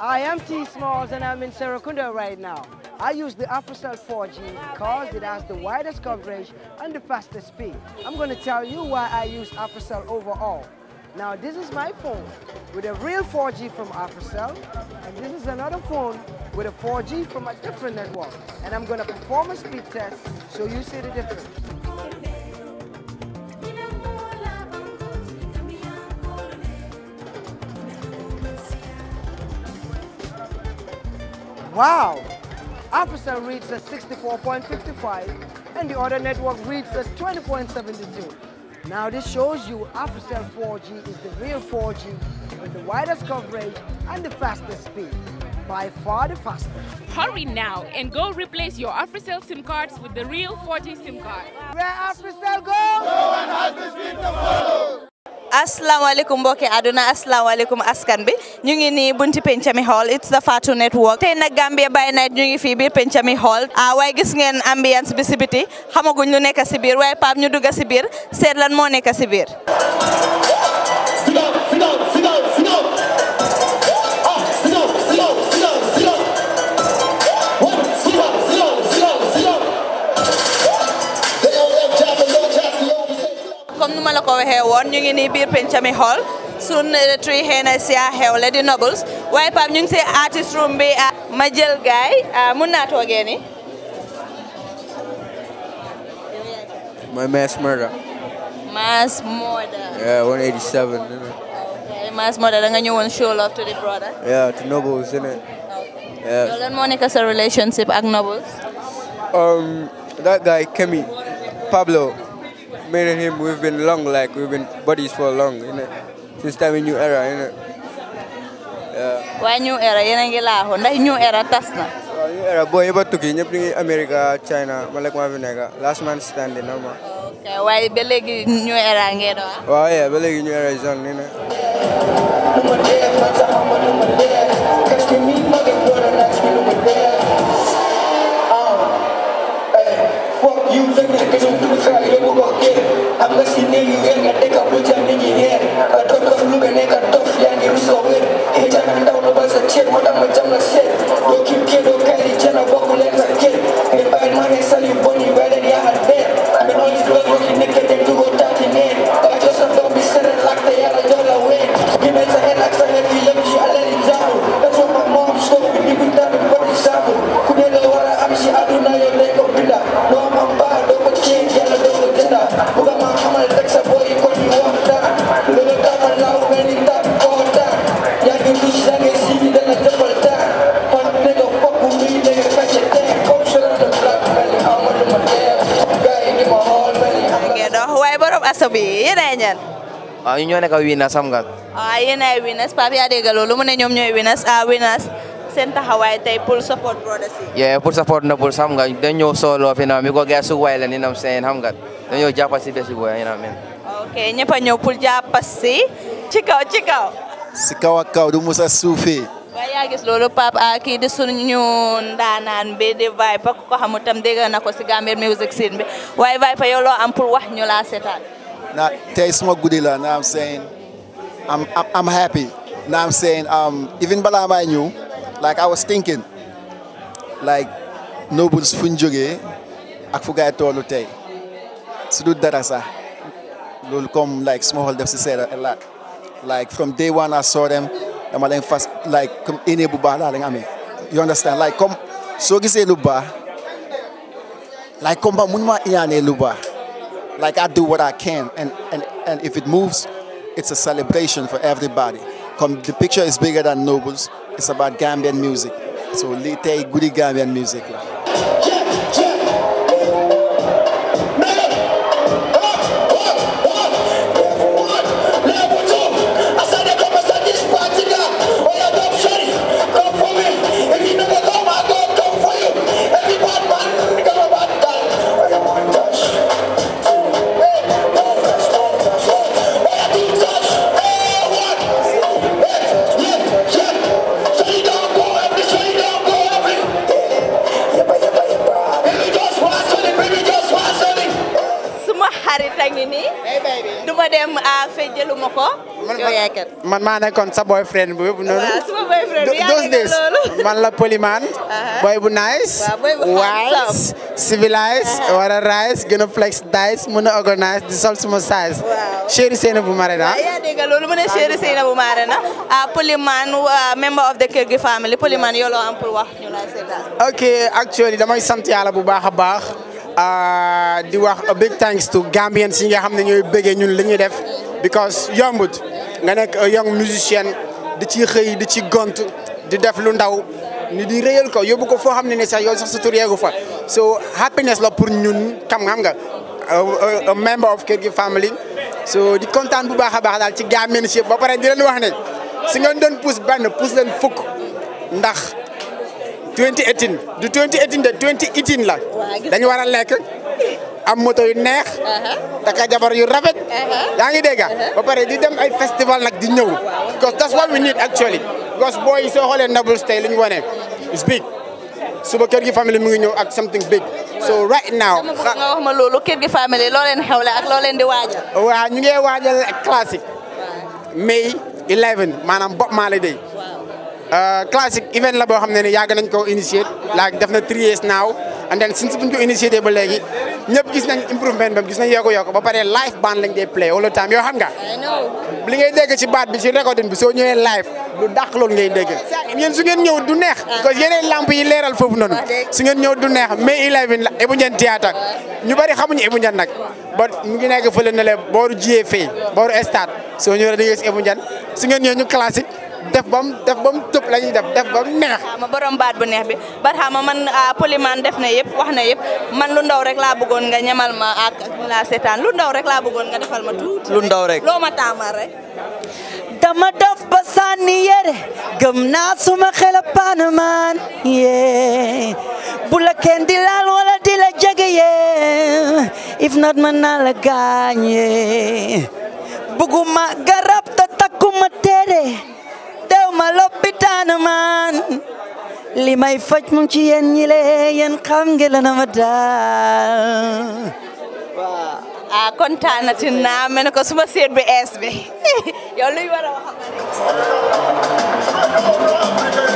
I am T Smalls and I'm in Serakunda right now. I use the AfroCell 4G because it has the widest coverage and the fastest speed. I'm going to tell you why I use AfroCell overall. Now this is my phone with a real 4G from AfroCell and this is another phone with a 4G from a different network. And I'm going to perform a speed test so you see the difference. Wow! Africa reads at 64.55 and the other network reads at 20.72. Now this shows you Africell 4G is the real 4G with the widest coverage and the fastest speed. By far the fastest. Hurry now and go replace your Africell SIM cards with the real 4G SIM card. Where Africell goes, go and have the speed to follow. asalaamaaleykum mbokki àdduna asalaamaaleykum askan bi ñu ngi nii bunti Pencami Hall it's the Fatu Network tey nag Gambia by night ñu ngi fii biir Pencami Hall ah waaye gis ngeen ambiance bi si biti xamaguñ lu nekk si biir waaye Pape ñu dugg si biir seet lan moo nekk si biir. ma la ko waxee woon ñu ngi nii biir Pencami Hall sun tree hennes yaa xewle di nobles waaye Pape ñu ngi see artist room bi ah, ma jël gaay ah, mun naa toogee ni mooy mass murder mass murder yeah 187 okay mass murder da nga ñëwoon show love to the brother yeah to nobles isn't it yeah yow lan moo nekk sa relationship ak nobles um that guy Kemi Pablo me and him, we've been long, like we've been buddies for long, you know, since time in New Era, you know. Yeah. Why New Era? Yun ang gilaho. Dahil New Era tas na. new Era, boy, you about to tugi. Nyep ni America, China, malak mga Last man standing, no more. Okay, why belegi New Era You know. Oh yeah, belegi New Era is on, you know. ñoo a winners xam nga. ah yéen ay winners Pape yaa dégg loolu mu ne ñoom ñooy a ah winners a taxawaay tey pour support brothers yi. yeah pour support na pour xam nga dañoo sooloo fi na mi ko gars waay la ni nam seen xam nga dañoo jàppa si bés bu waay na men. ok ñëpp a ñëw pour jàppa si si kaw ak kaw du musa suufee. waaye yaa loolu Pape a kii di suñu ndaanaan bi di Viper ku ko xamul tam dégg na si Gambian music scene bi waaye Not taste more goodie, Now I'm saying? I'm, I'm, I'm happy. Now I'm saying? Um, even Balama I knew, like I was thinking, like, nobles funjoge, ak fugay tolu tay. Si du dara sa. Lol comme like small def said a lot. Like from day one I saw them, I'm len fast like come ene bu baax la You understand? Like come so gisé lu baax. Like comme ba mun ma iñané lu like I do what I can. And, and, and if it moves, it's a celebration for everybody. Come, the picture is bigger than Nobles. It's about Gambian music. So Lite Gudi Gambian music. man maa nekkoon sa boyfriend bu yëpp noonu. waaw sama man la Polyman. Uh-huh. boy bu nice. waaw civilized. Uh-huh. war a rise gën a dice mën a organise di sol suma size. waaw chéri bu Marena. waaw yaa dégg loolu mu ne chéri Seyna bu Marena ah Polyman ah, member of the Kirgi family Polyman yow loo am pour wax ok actually damay sant yàlla bu baax a baax. Ah, di wax a big thanks to Gambians yi nga xam ne ñooy bëggee ñun li ñuy def because yombut. nga nekk young musicien di ci xëy di ci gont di def lu ndaw ni di réyal ko yóbbu ko foo xam ne ne sax yow sax sa tur yeegu fa so happiness la pour ñun xam xam nga member of Keur Gui family so di kontaan bu baax a baax daal ci gaameen si ba pare di leen wax ne si ngeen doon pousse benn pousse leen fukk ndax 2018 du 2018 de 2018 la dañu war a lekk am moto yu neex Uh-huh. taka jabar yu rafet. Uh-huh. yaa ngi dégg ah? uh-huh. ba pare di dem ay festival nag di ñëw. because that's what we need actually. because booy soo xoolee Nablus tey li ñu wane is big suba kër gi famille mu ngi ñëw ak something big. so right now. nga wax ma loolu kër gi famille loo leen xewle ak loo leen di waajal. waaw ñu ngi waajal classique. May 11 maanaam Bob Marley Day. Uh, classique event la boo xam ne ni yàgg nañ ko initié. like def na three years now and then since bu ñu ko ba léegi. ñëpp gis nañ improvement bam gis nañ yokku yokku ba pare live band lañ dee play yoo xam nga li ngay dégg ci baat bi ci recording bi soo ñëwee live lu dàq loolu ngay dégg yéen su ngeen ñëw du neex ah. parce que lamp yi leeral foofu noonu ah, su ngeen ñëw du neex mais eleven la Ibou Ndiane théâtre ñu bari xamuñu Ibou Ndiane nag ba mu ngi nekk fële na le booru jiyee fay booru stade soo ñëwee da ngay gis Ibou Ndiane su ngeen ñëw ñu classique def bam def bam top lañuy def def bam neex ma borom baat bu neex bi barxaama man ah, poliman def na yep wax na yep man lu ndaw rek la bëggoon nga ñamal ma ak la seetaan lu ndaw rek la bëggoon nga defal ma tout lu ndaw rek loo ma rek dama def ba sànni yere gëm na suma xel a panamaan bu la kenn di laal wala di la jégué ye if not man na la gaañee bëgguma garab ta takuma tere ma lopitaan man li may faj mu ci yéen ñi le yéen xam na ma daal waaw ah, a kontaanati naa mel ne ko suma seet bi ees bi yow luy war a wax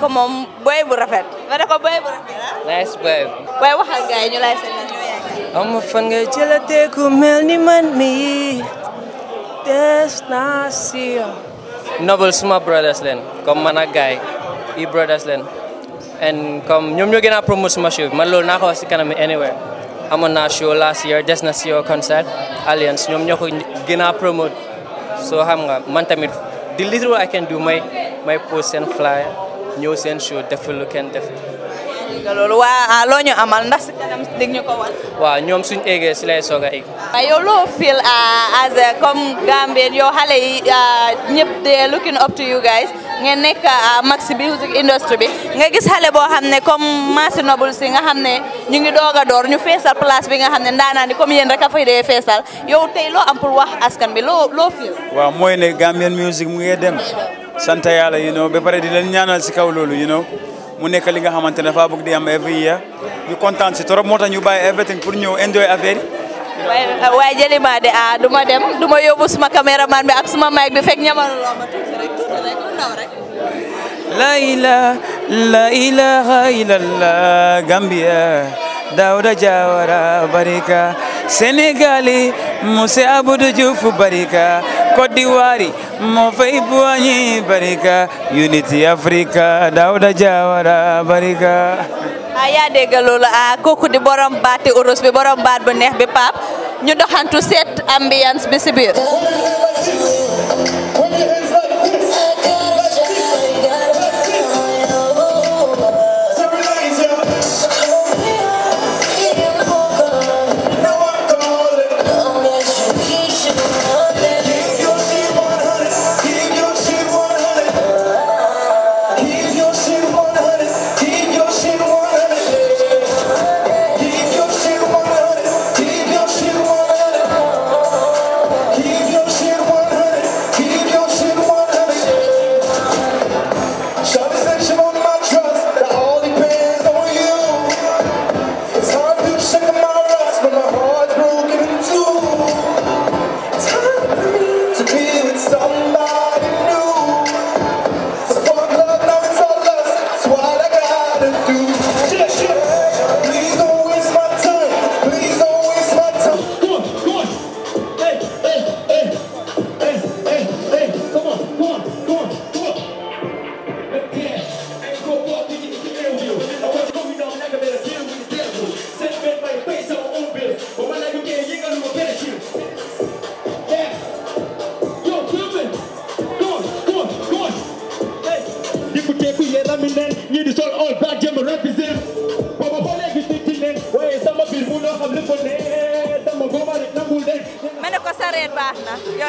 ko mom booy bu rafet ma ko bu nice boy. waaye waxal gars yi ñu lay seetal ñu yaakaar. fan kumel ku ni man mi. des naa si Noble suma brothers leen comme man ak brothers and kom nyom ñoo gën promo suma show bi man ko si kanam anywhere amoon na show last year des na concert alliance ñoom ñoo ko promote so xam nga man tamit the little I can do my my post and flyer ñëw seen show def lu kenn def. loolu waa ah, loo ñu amal ndax si ñu ko wal. waaw ñoom suñu eggee si lay soog a egg. waaw yow loo feel ah, as comme Gambien yow xale yi ah, ñëpp de looking up to you guys ngeen nekk mag si music industry bi nga gis xale boo xam ne comme Massi Noble si nga xam ne ñu ngi doog a door ñu feesal place bi nga xam ne ndaanaan ni comme yéen rek a fay dee feesal yow tey loo am pour wax askan bi loo loo waa waaw mooy ne Gambian music mu ngi sant yalla you know be pare di len ñaanal ci kaw lolu you know mu nekk li nga xamantene fa bëgg di am every year ñu kontaan ci torop motax ñu baye everything pour ñëw enjoy affaire yi. jeli ma de ah duma dem duma ma suma cameraman bi ak suma mic bi fek ñamal lo ma tuuti rek tuuti rek ndaw rek. la ilaha la ilaha illallah Gambia Dawda Jawara Barika. Sénégali Monsieur Abdou Diouf barika Côte d'Ivoire moo fay buwañi barika Unity Africa Daouda Diawara barika a ah, yaa dégg loolu a ah, kooku di borom baati urus bi borom baat bu neex bi Pape ñu doxantu seet ambiance bi si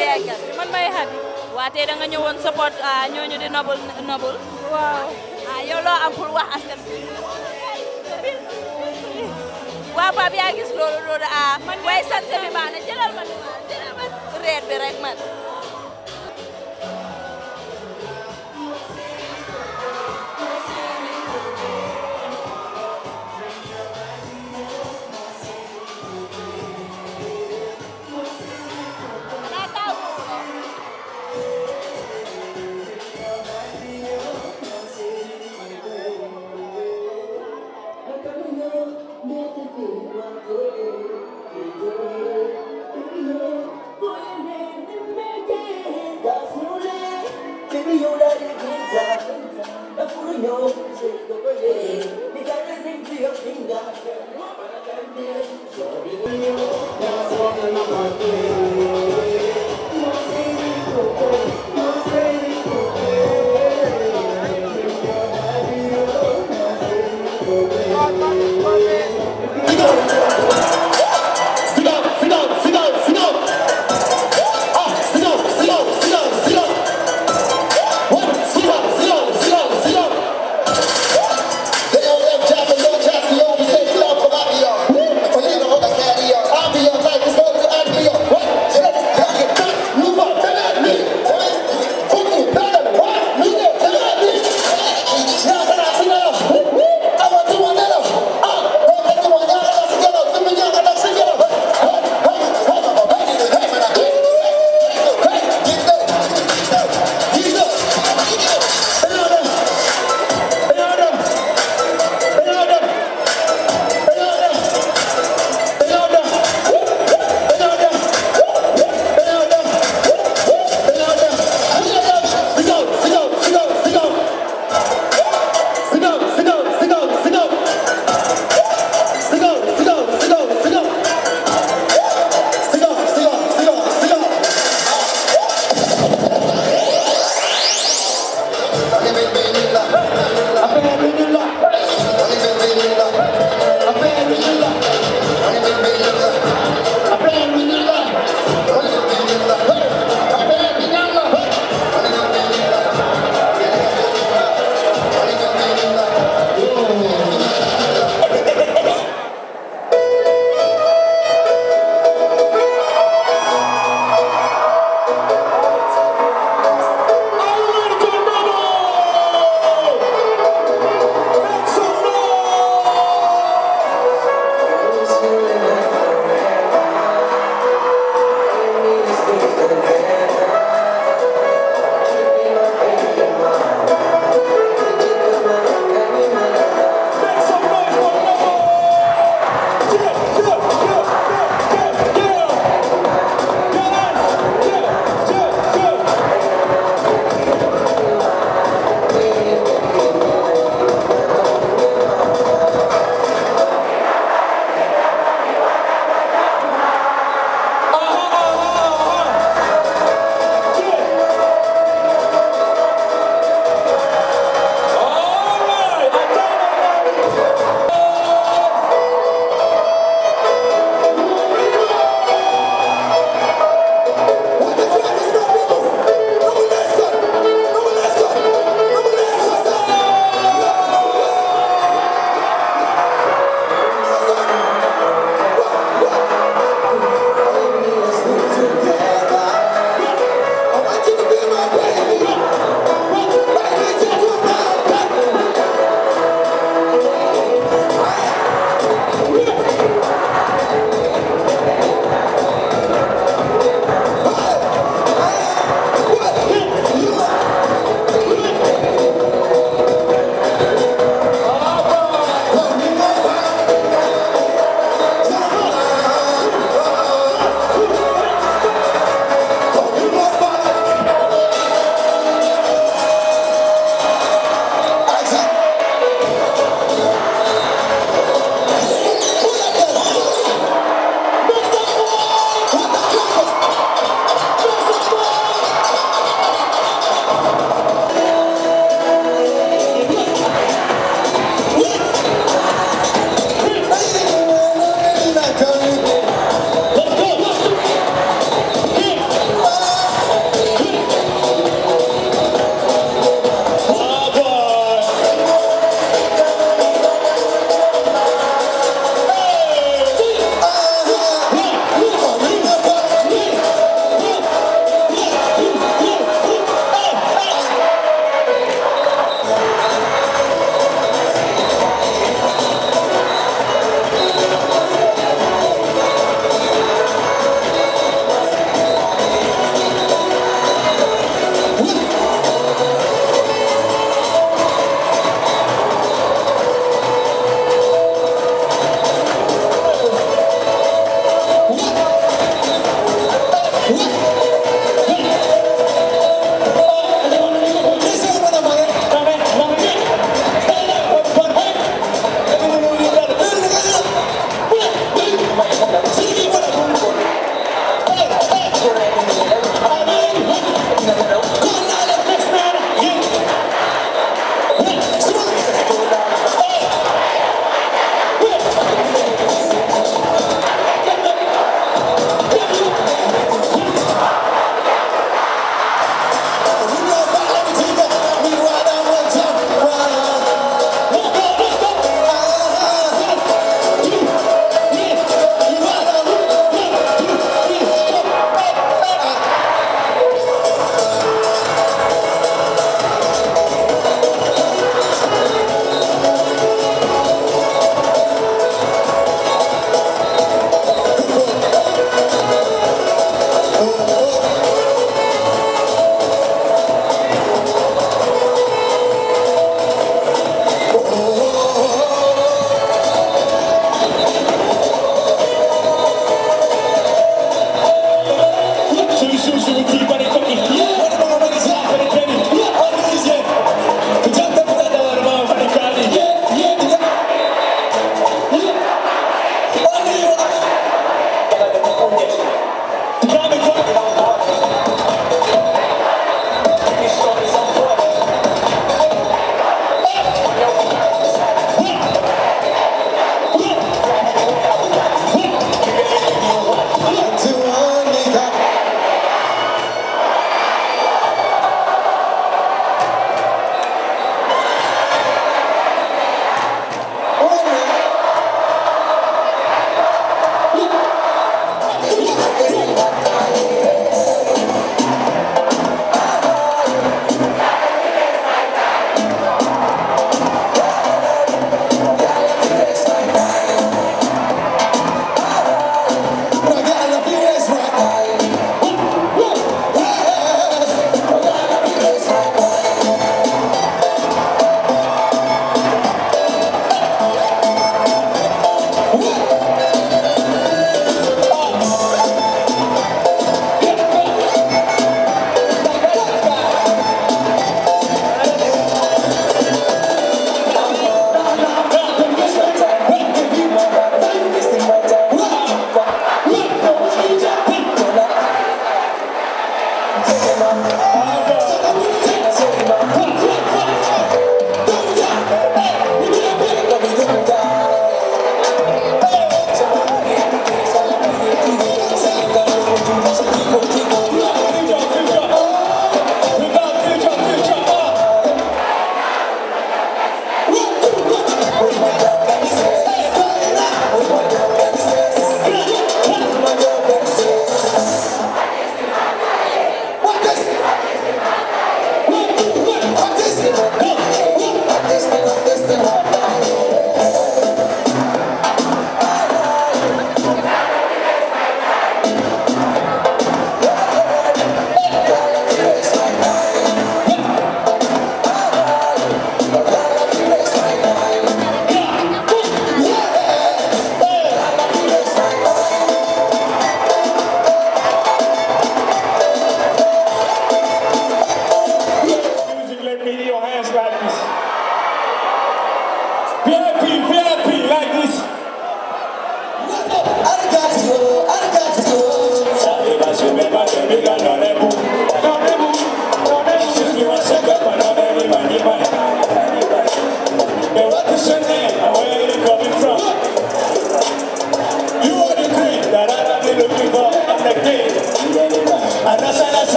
yow yaay kan man may xat waa tey da nga ñëwoon support ah, di nobul nobul waaw ah yow loo am pour wax askan waa Pape yaa gis loolu loolu ah way sant bi baax na jëlal ma reer bi rek man miljoner i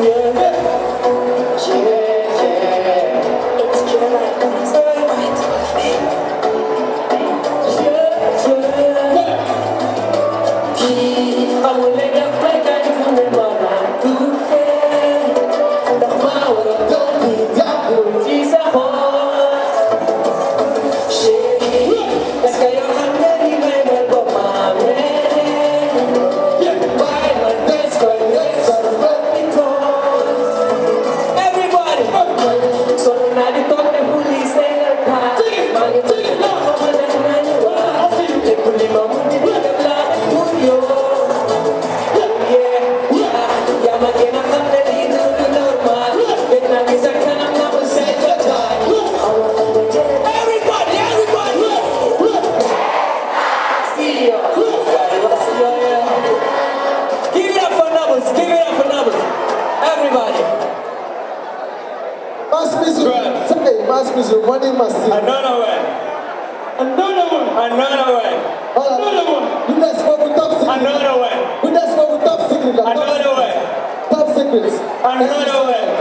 It's July, but it's with quite Davis and Hannah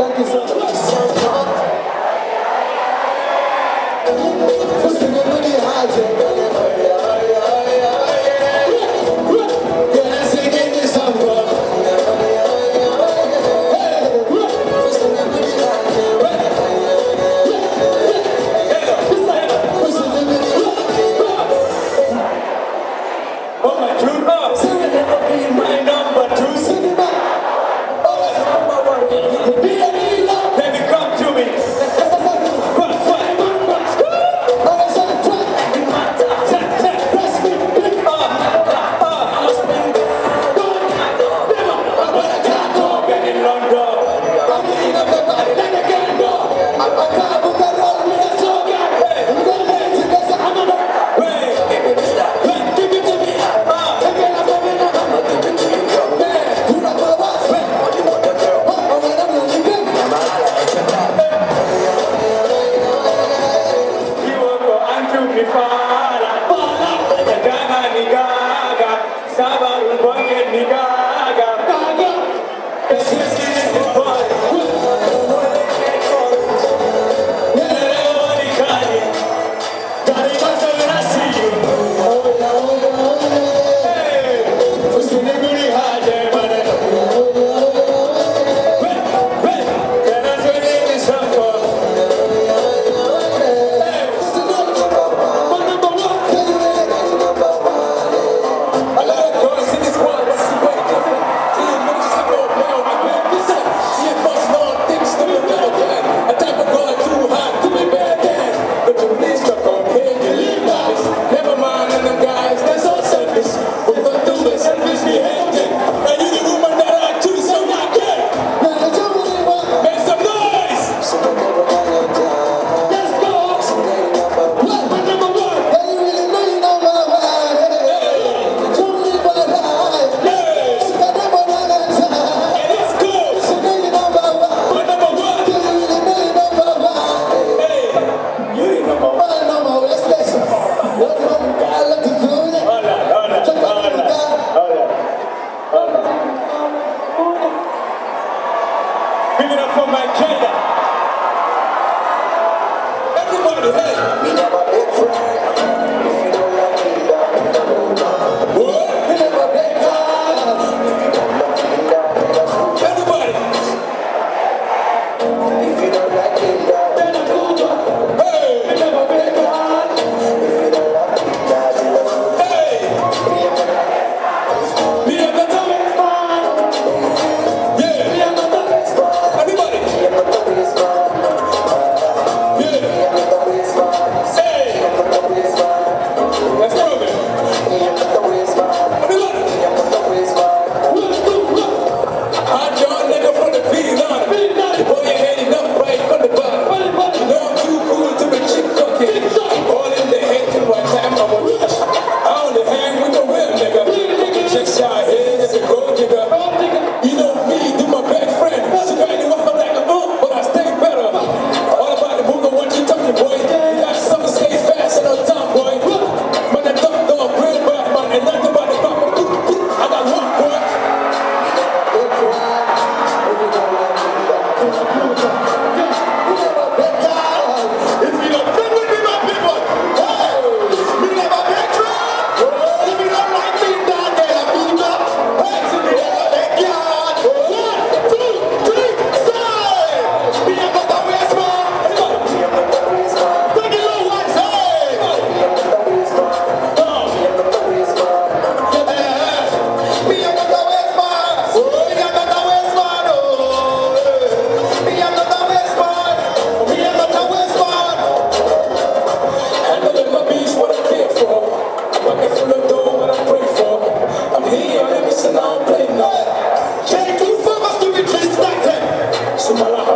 técnica.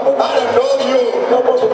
I know you.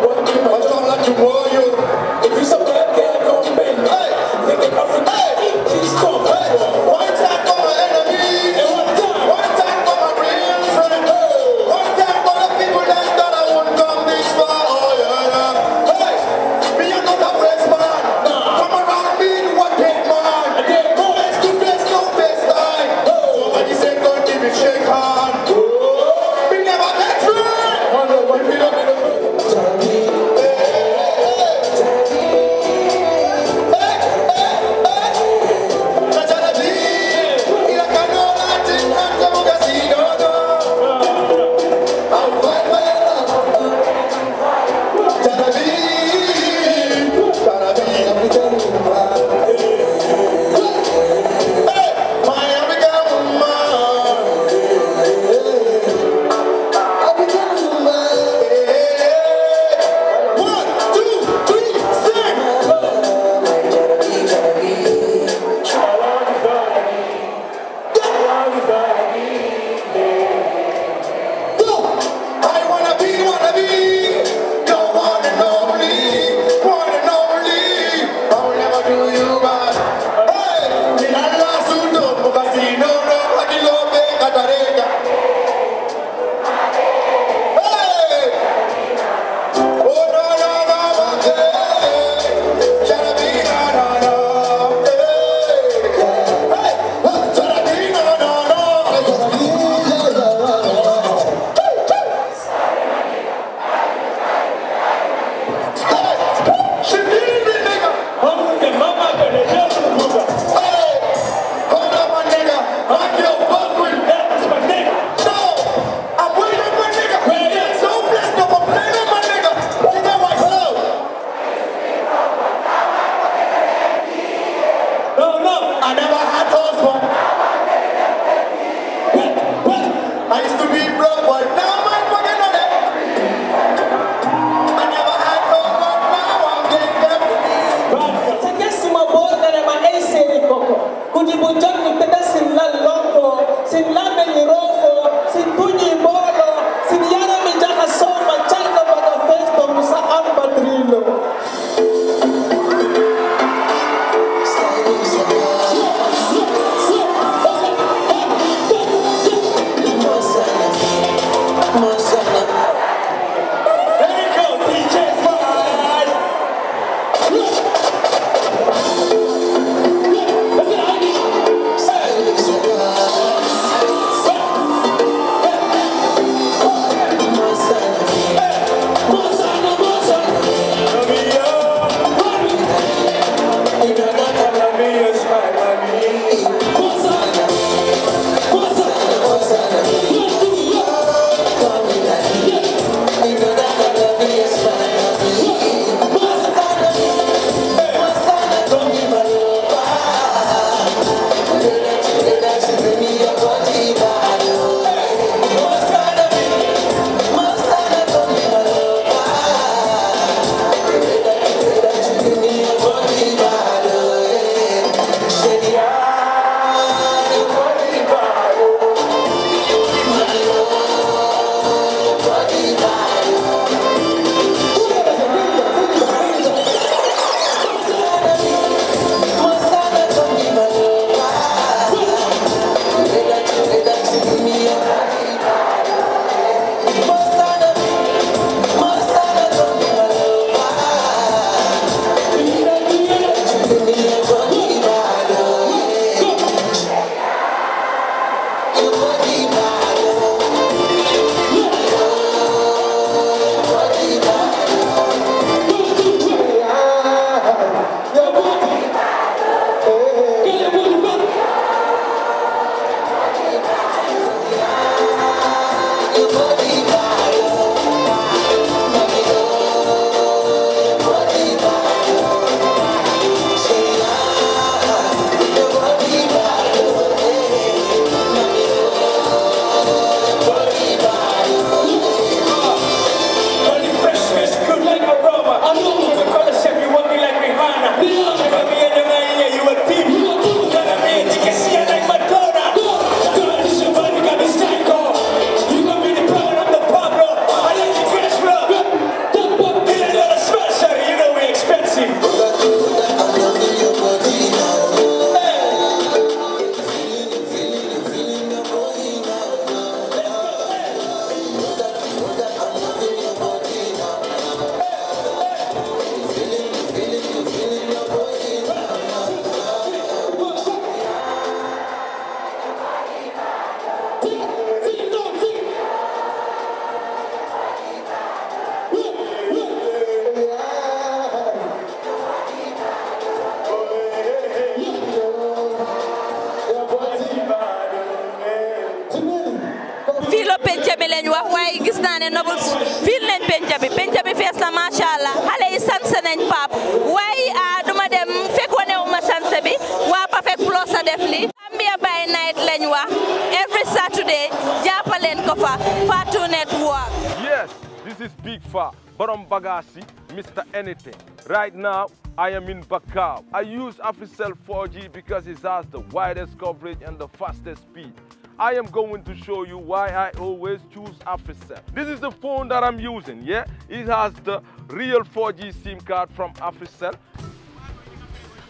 Alpha, Baram Bagasi, Mr. Anything. Right now, I am in Bakau. I use Africell 4G because it has the widest coverage and the fastest speed. I am going to show you why I always choose Africell. This is the phone that I'm using, yeah? It has the real 4G SIM card from Africell.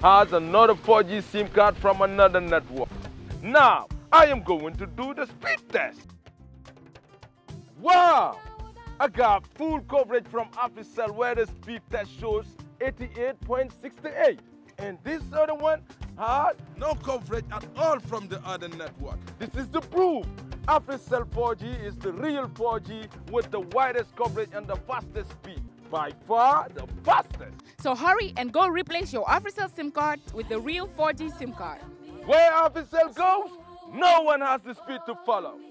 Has another 4G SIM card from another network. Now, I am going to do the speed test. Wow! I got full coverage from official weather speed that shows 88.68. And this other one had no coverage at all from the other network. This is the proof. Official 4G is the real 4G with the widest coverage and the fastest speed. By far the fastest. So hurry and go replace your official SIM card with the real 4G SIM card. Where official goes, no one has the speed to follow.